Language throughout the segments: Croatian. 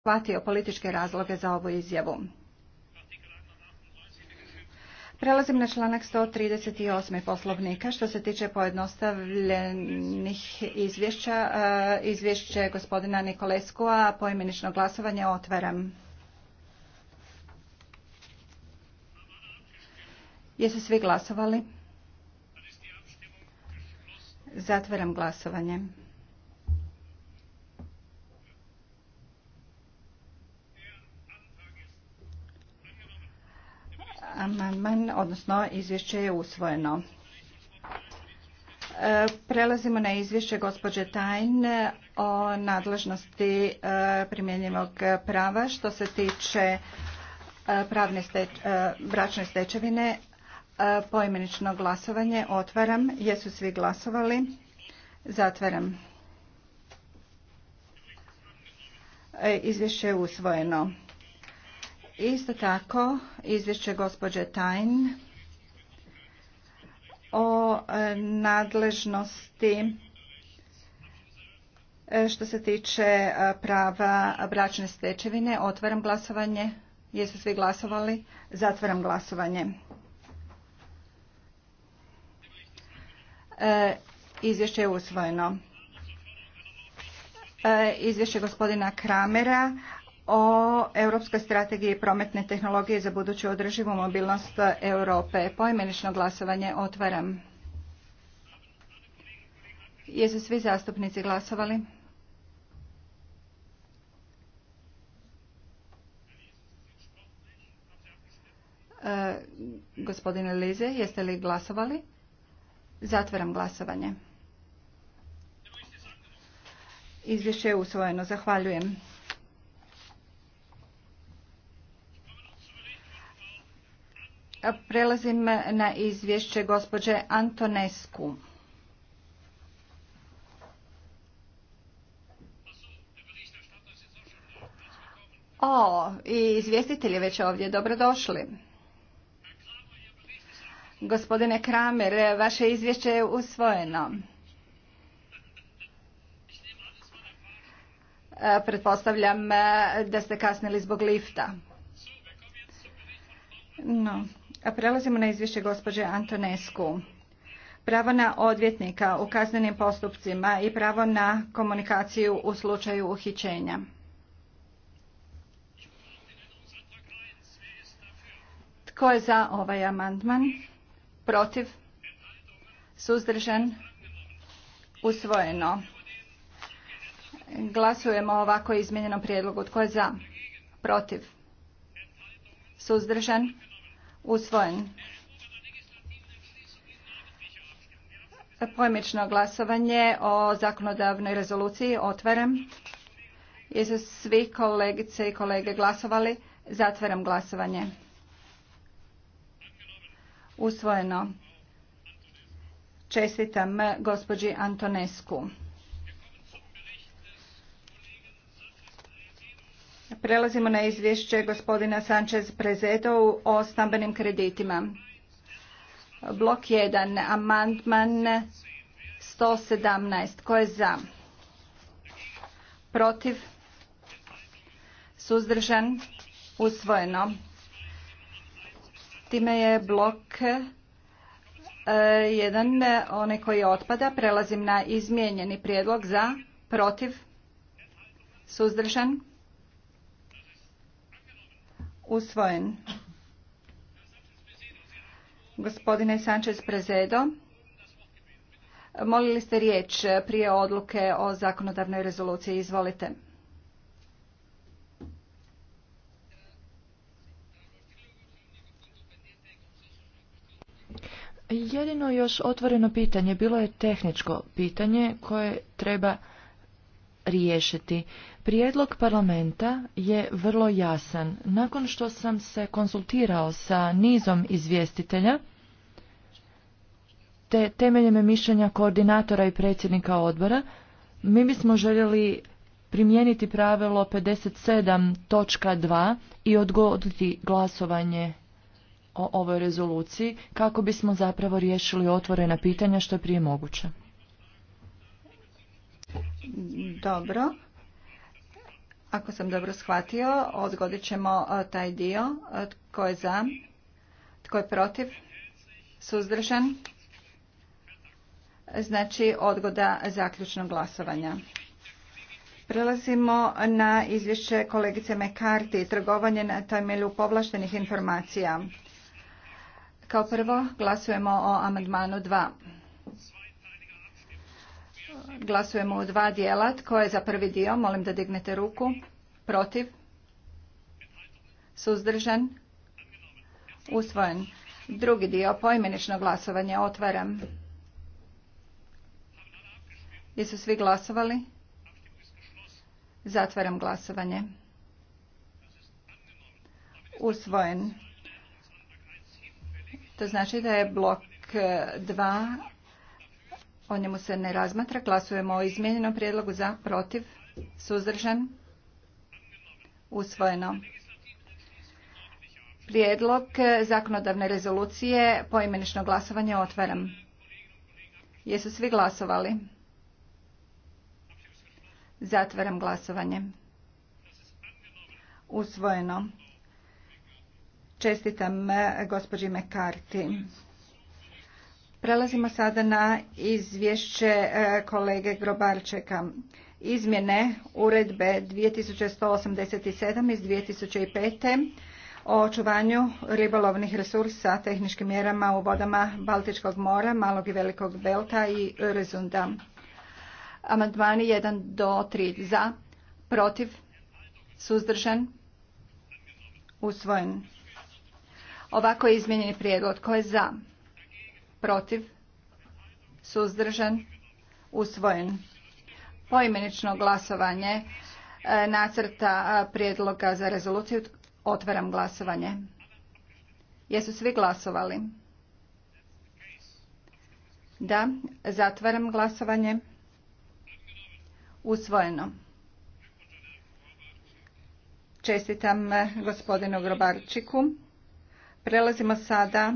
shvatio političke razloge za ovu izjavu. Prelazim na članak 138. poslovnika. Što se tiče pojednostavljenih izvješća, e, izvješće gospodina a poimenično glasovanje otvaram. Jesu svi glasovali? Zatvaram glasovanje. amandman, odnosno izvješće je usvojeno. E, prelazimo na izvješće gospođe Tajn o nadležnosti e, primjenjivog prava što se tiče e, pravne bračne stečevine poimenično glasovanje otvaram jesu svi glasovali zatvaram izvješće je usvojeno Isto tako, izvješće gospođe Tajn o e, nadležnosti e, što se tiče e, prava bračne stečevine, otvaram glasovanje. Jesu svi glasovali? Zatvaram glasovanje. Izvješće je usvojeno. Izvješće gospodina Kramera o Europskoj strategiji prometne tehnologije za buduću održivu mobilnost Europe. Poimenično glasovanje otvaram. Jesu svi zastupnici glasovali? E, gospodine Lize, jeste li glasovali? Zatvaram glasovanje. Izvješće je usvojeno. Zahvaljujem. Prelazim na izvješće gospođe Antonesku. O, i izvjestitelj je već ovdje. Dobrodošli. Gospodine Kramer, vaše izvješće je usvojeno. Pretpostavljam da ste kasnili zbog lifta. No. A prelazimo na izvješće gospođe Antonesku. Pravo na odvjetnika u kaznenim postupcima i pravo na komunikaciju u slučaju uhićenja. Tko je za ovaj amandman? Protiv? Suzdržan? Usvojeno. Glasujemo ovako izmijenjenom prijedlogu. Tko je za? Protiv? Suzdržan? usvojen. Pojmično glasovanje o zakonodavnoj rezoluciji otvaram. Jesu svi kolegice i kolege glasovali? Zatvaram glasovanje. Usvojeno. Čestitam gospođi Antonesku. Prelazimo na izvješće gospodina Sanchez prezeto o stambenim kreditima. Blok 1, amandman 117. Ko je za? Protiv? Suzdržan? Usvojeno. Time je blok eh, jedan onaj koji otpada. Prelazim na izmijenjeni prijedlog za, protiv, suzdržan, Usvojen. Gospodine Sanchez Prezedo, molili ste riječ prije odluke o zakonodavnoj rezoluciji. Izvolite. Jedino još otvoreno pitanje bilo je tehničko pitanje koje treba riješiti. Prijedlog parlamenta je vrlo jasan. Nakon što sam se konsultirao sa nizom izvjestitelja, te temeljem mišljenja koordinatora i predsjednika odbora, mi bismo željeli primijeniti pravilo 57.2 i odgoditi glasovanje o ovoj rezoluciji kako bismo zapravo riješili otvorena pitanja što je prije moguće. Dobro, ako sam dobro shvatio, odgodit ćemo e, taj dio. E, tko je za? Tko je protiv? Suzdržan? Znači odgoda zaključnog glasovanja. Prelazimo na izvješće kolegice Mekarti, trgovanje na temelju povlaštenih informacija. Kao prvo glasujemo o amandmanu 2. Glasujemo u dva dijela. Tko je za prvi dio? Molim da dignete ruku. Protiv? Suzdržan? Usvojen. Drugi dio, poimenično glasovanje. Otvaram. Jesu svi glasovali? Zatvaram glasovanje. Usvojen. To znači da je blok eh, dva... O njemu se ne razmatra. Glasujemo o izmijenjenom prijedlogu za, protiv, suzdržan, usvojeno. Prijedlog zakonodavne rezolucije poimenično glasovanje otvaram. Jesu svi glasovali? Zatvaram glasovanje. Usvojeno. Čestitam eh, gospođi Mekarti. Prelazimo sada na izvješće e, kolege Grobarčeka. Izmjene uredbe 2187 iz 2005. o očuvanju ribolovnih resursa tehničkim mjerama u vodama Baltičkog mora, Malog i Velikog Belta i Rezunda. Amandmani 1 do 3 za, protiv, suzdržan, usvojen. Ovako je izmijenjeni prijedlog. Tko je za? protiv, suzdržan, usvojen. Poimenično glasovanje e, nacrta e, prijedloga za rezoluciju. Otvaram glasovanje. Jesu svi glasovali? Da. Zatvaram glasovanje. Usvojeno. Čestitam e, gospodinu Grobarčiku. Prelazimo sada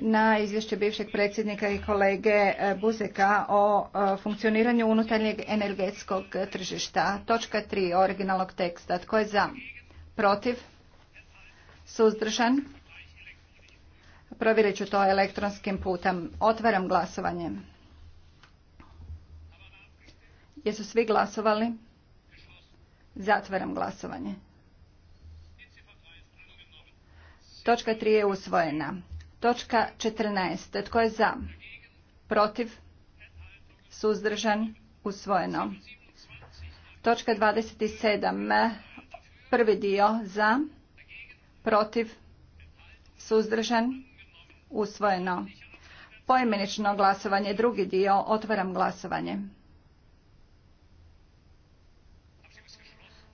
na izvješće bivšeg predsjednika i kolege e, Buzeka o e, funkcioniranju unutarnjeg energetskog tržišta. Točka 3 originalnog teksta. Tko je za? Protiv? Suzdržan? Provjerit ću to elektronskim putem. Otvaram glasovanje. Jesu svi glasovali? Zatvaram glasovanje. Točka 3 je usvojena. Točka 14. Tko je za? Protiv? Suzdržan? Usvojeno. Točka 27. Prvi dio za? Protiv? Suzdržan? Usvojeno. Poimenično glasovanje. Drugi dio. Otvaram glasovanje.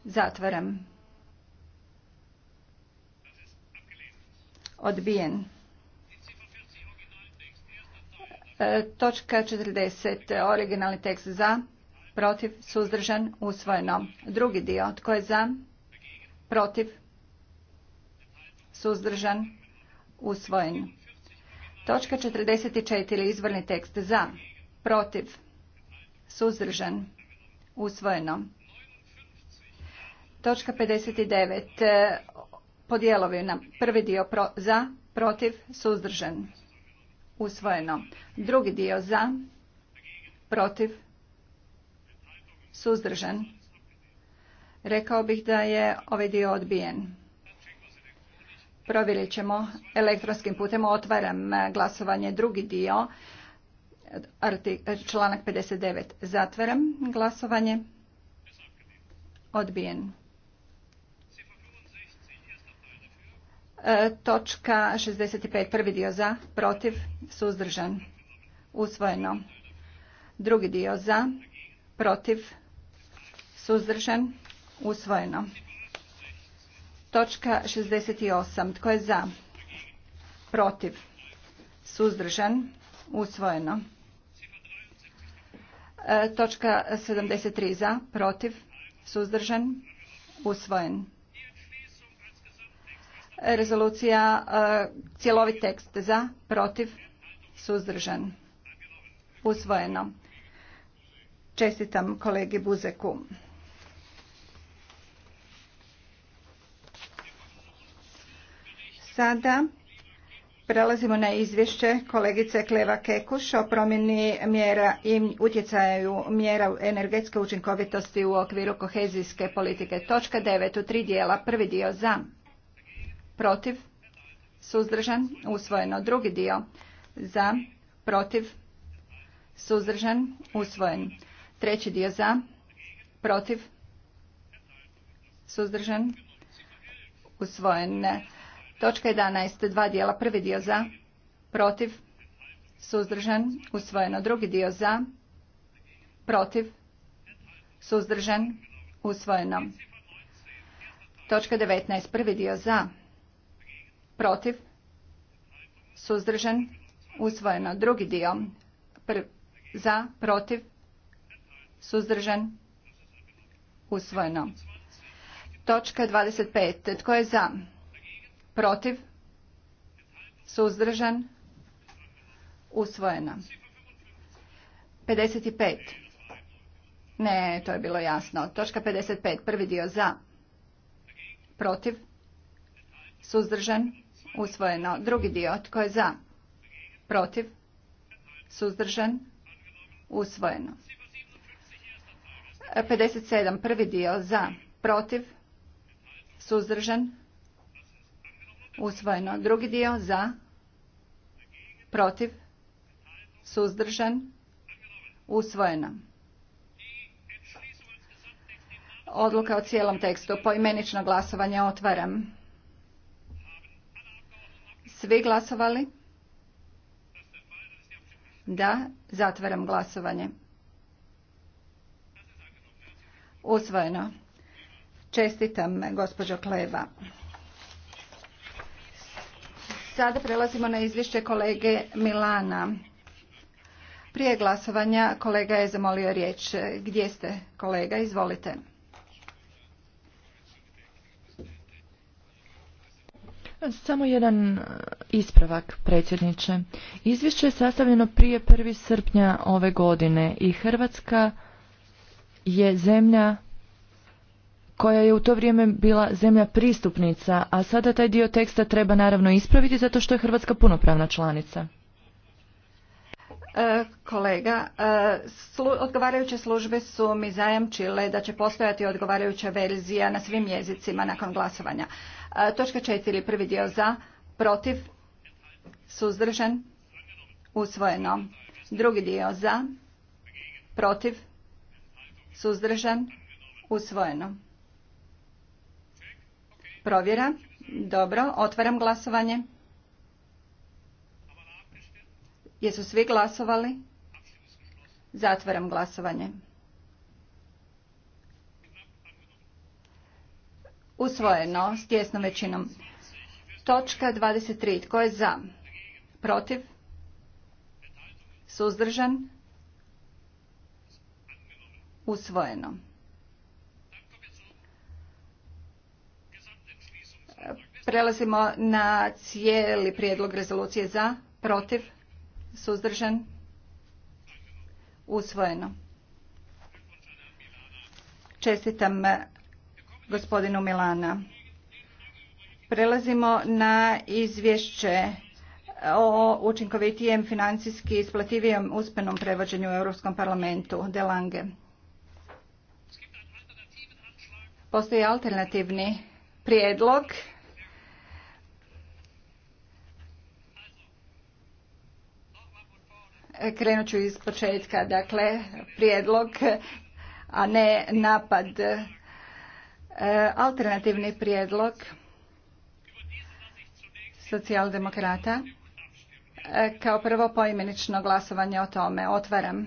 Zatvaram. Odbijen. E, točka 40. Originalni tekst za, protiv, suzdržan, usvojeno. Drugi dio. Tko je za, protiv, suzdržan, usvojen. Točka 44. Izvorni tekst za, protiv, suzdržan, usvojeno. Točka 59. Podijelovi na prvi dio za, protiv, suzdržan, usvojeno. Drugi dio za, protiv, suzdržan. Rekao bih da je ovaj dio odbijen. Provjerit ćemo elektronskim putem. Otvaram glasovanje drugi dio, članak 59. Zatvaram glasovanje. Odbijen. Točka 65. Prvi dio za, protiv, suzdržan, usvojeno. Drugi dio za, protiv, suzdržan, usvojeno. Točka 68. Tko je za? Protiv, suzdržan, usvojeno. E, točka 73. Za, protiv, suzdržan, usvojen. Rezolucija eh, cjelovit tekst za, protiv, suzdržan. Usvojeno. Čestitam kolegi Buzeku. Sada prelazimo na izvješće kolegice Kleva Kekuš o promjeni mjera i utjecaju mjera energetske učinkovitosti u okviru kohezijske politike. Točka devet u tri dijela. Prvi dio za protiv, suzdržan, usvojeno. Drugi dio za, protiv, suzdržan, usvojen. Treći dio za, protiv, suzdržan, usvojen. Točka 11. Dva dijela. Prvi dio za, protiv, suzdržan, usvojeno. Drugi dio za, protiv, suzdržan, usvojeno. Točka 19. Prvi dio za, protiv, suzdržan, usvojeno. Drugi dio, za, protiv, suzdržan, usvojeno. Točka 25. Tko je za? Protiv? Suzdržan? Usvojena. 55. Ne, to je bilo jasno. Točka 55. Prvi dio za. Protiv? Suzdržan? Usvojeno. Drugi dio. Tko je za? Protiv? Suzdržan? Usvojeno. 57. Prvi dio. Za? Protiv? Suzdržan? Usvojeno. Drugi dio. Za? Protiv? Suzdržan? Usvojeno. Odluka o cijelom tekstu. Poimenično glasovanje otvaram. Svi glasovali? Da, zatvaram glasovanje. Usvojeno. Čestitam, gospođo Kleba. Sada prelazimo na izvješće kolege Milana. Prije glasovanja kolega je zamolio riječ. Gdje ste kolega? Izvolite. Samo jedan e, ispravak, predsjedniče. Izvješće je sastavljeno prije 1. srpnja ove godine i Hrvatska je zemlja koja je u to vrijeme bila zemlja pristupnica, a sada taj dio teksta treba naravno ispraviti zato što je Hrvatska punopravna članica. E, kolega, e, odgovarajuće službe su mi zajamčile da će postojati odgovarajuća verzija na svim jezicima nakon glasovanja. E, točka četiri, Prvi dio za, protiv, suzdržan, usvojeno. Drugi dio za, protiv, suzdržan, usvojeno. Provjera. Dobro, otvaram glasovanje. Jesu svi glasovali? Zatvaram glasovanje. Usvojeno s tjesnom većinom. Točka 23. Tko je za? Protiv? Suzdržan? Usvojeno. Prelazimo na cijeli prijedlog rezolucije za, protiv, suzdržan, usvojeno. Čestitam gospodinu Milana. Prelazimo na izvješće o učinkovitijem financijski isplativijem uspjenom prevođenju u Europskom parlamentu. De Lange. Postoji alternativni prijedlog. Krenut ću iz početka. Dakle, prijedlog, a ne napad E, alternativni prijedlog socijaldemokrata. E, kao prvo poimenično glasovanje o tome. Otvaram.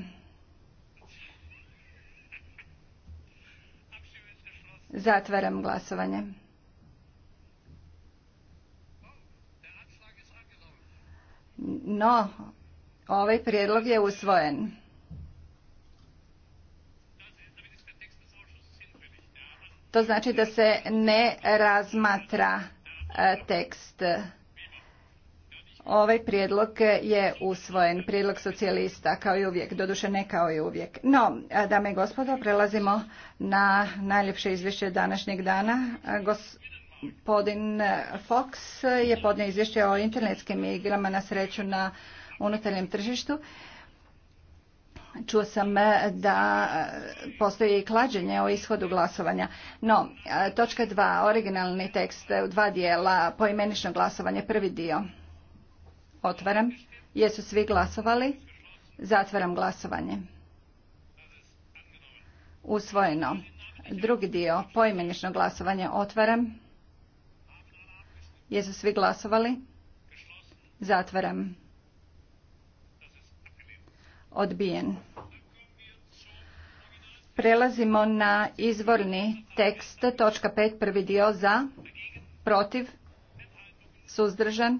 Zatvaram glasovanje. No, ovaj prijedlog je usvojen. To znači da se ne razmatra e, tekst. Ovaj prijedlog je usvojen, prijedlog socijalista, kao i uvijek, doduše ne kao i uvijek. No, e, dame i gospodo, prelazimo na najljepše izvješće današnjeg dana. E, gospodin Fox je podnio izvješće o internetskim igrama na sreću na unutarnjem tržištu. Čuo sam e, da e, postoji i klađenje o ishodu glasovanja. No, e, točka dva, originalni tekst u dva dijela, poimenično glasovanje, prvi dio. Otvaram. Jesu svi glasovali? Zatvaram glasovanje. Usvojeno. Drugi dio, poimenično glasovanje, otvaram. Jesu svi glasovali? Zatvaram odbijen. Prelazimo na izvorni tekst, točka 5, prvi dio za, protiv, suzdržan,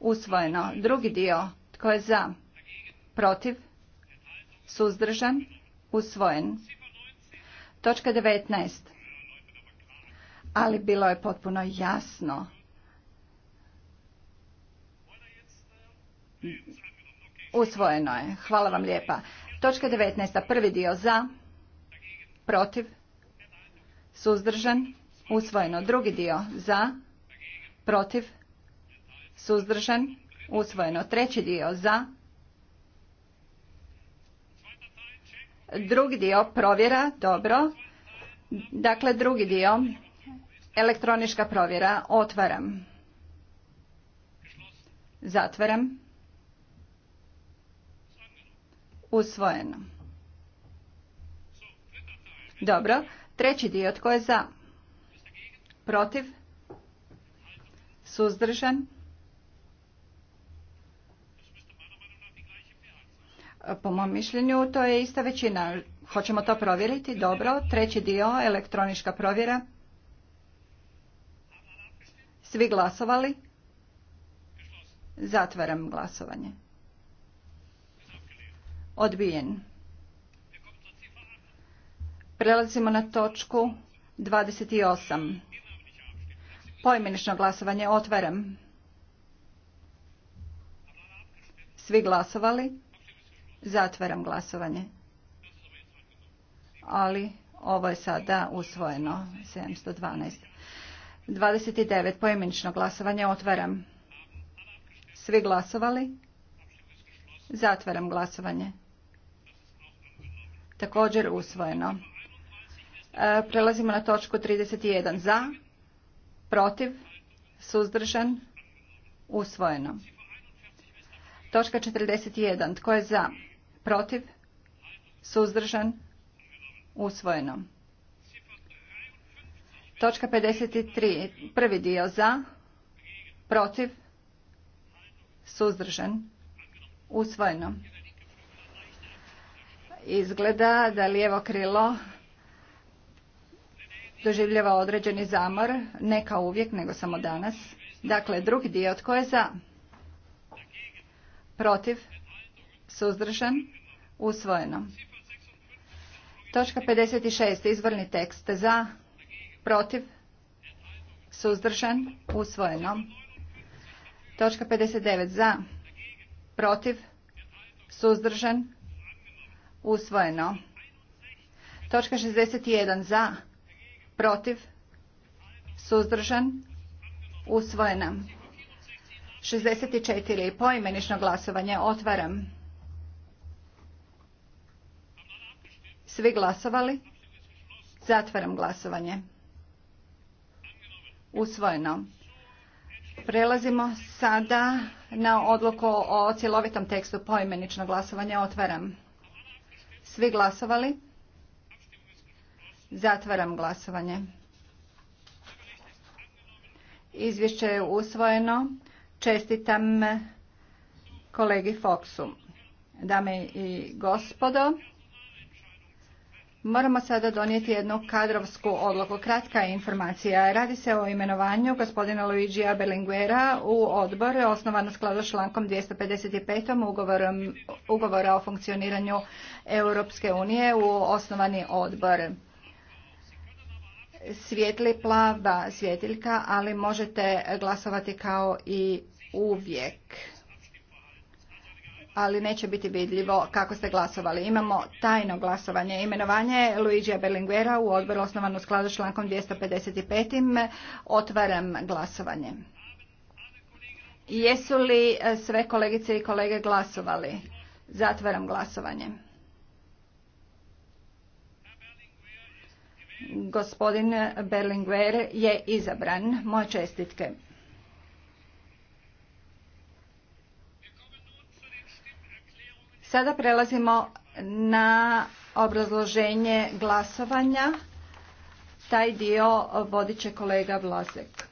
usvojeno. Drugi dio, tko je za, protiv, suzdržan, usvojen. Točka 19. Ali bilo je potpuno jasno Usvojeno je. Hvala vam lijepa. Točka 19. Prvi dio za, protiv, suzdržan, usvojeno. Drugi dio za, protiv, suzdržan, usvojeno. Treći dio za, drugi dio provjera, dobro. Dakle, drugi dio, elektronička provjera, otvaram. Zatvaram. Usvojeno. Dobro. Treći dio. Tko je za? Protiv? Suzdržan? Po mom mišljenju to je ista većina. Hoćemo to provjeriti? Dobro. Treći dio. Elektronička provjera. Svi glasovali? Zatvaram glasovanje. Odbijen. Prelazimo na točku 28. Poimenično glasovanje otvaram. Svi glasovali? Zatvaram glasovanje. Ali ovo je sada usvojeno 712. 29. Poimenično glasovanje otvaram. Svi glasovali? Zatvaram glasovanje. Također usvojeno. E, prelazimo na točku 31. Za, protiv, suzdržan, usvojeno. Točka 41. Tko je za, protiv, suzdržan, usvojeno. Točka 53. Prvi dio za, protiv, suzdržan, usvojeno izgleda da lijevo krilo doživljava određeni zamor, ne kao uvijek, nego samo danas. Dakle, drugi dio, tko je za? Protiv? Suzdržan? Usvojeno. Točka 56. Izvrni tekst. Za? Protiv? Suzdržan? Usvojeno. Točka 59. Za? Protiv? Suzdržan? usvojeno. Točka 61 za, protiv, suzdržan, usvojena. 64 poimenično glasovanje otvaram. Svi glasovali? Zatvaram glasovanje. Usvojeno. Prelazimo sada na odluku o cjelovitom tekstu poimenično glasovanje otvaram. Svi glasovali? Zatvaram glasovanje. Izvješće je usvojeno. Čestitam kolegi Foxu. Dame i gospodo, Moramo sada donijeti jednu kadrovsku odluku. Kratka je informacija. Radi se o imenovanju gospodina Luigija Belinguera u odbor osnovano u skladu s člankom 255. Ugovorom, ugovora o funkcioniranju Europske unije u osnovani odbor. Svijetli plava svjetiljka, ali možete glasovati kao i uvijek ali neće biti vidljivo kako ste glasovali. Imamo tajno glasovanje. Imenovanje Luigija Berlinguera u odboru osnovan u skladu s člankom 255. Otvaram glasovanje. Jesu li e, sve kolegice i kolege glasovali? Zatvaram glasovanje. Gospodin Berlinguer je izabran. Moje čestitke. Sada prelazimo na obrazloženje glasovanja. Taj dio vodit će kolega Vlasek.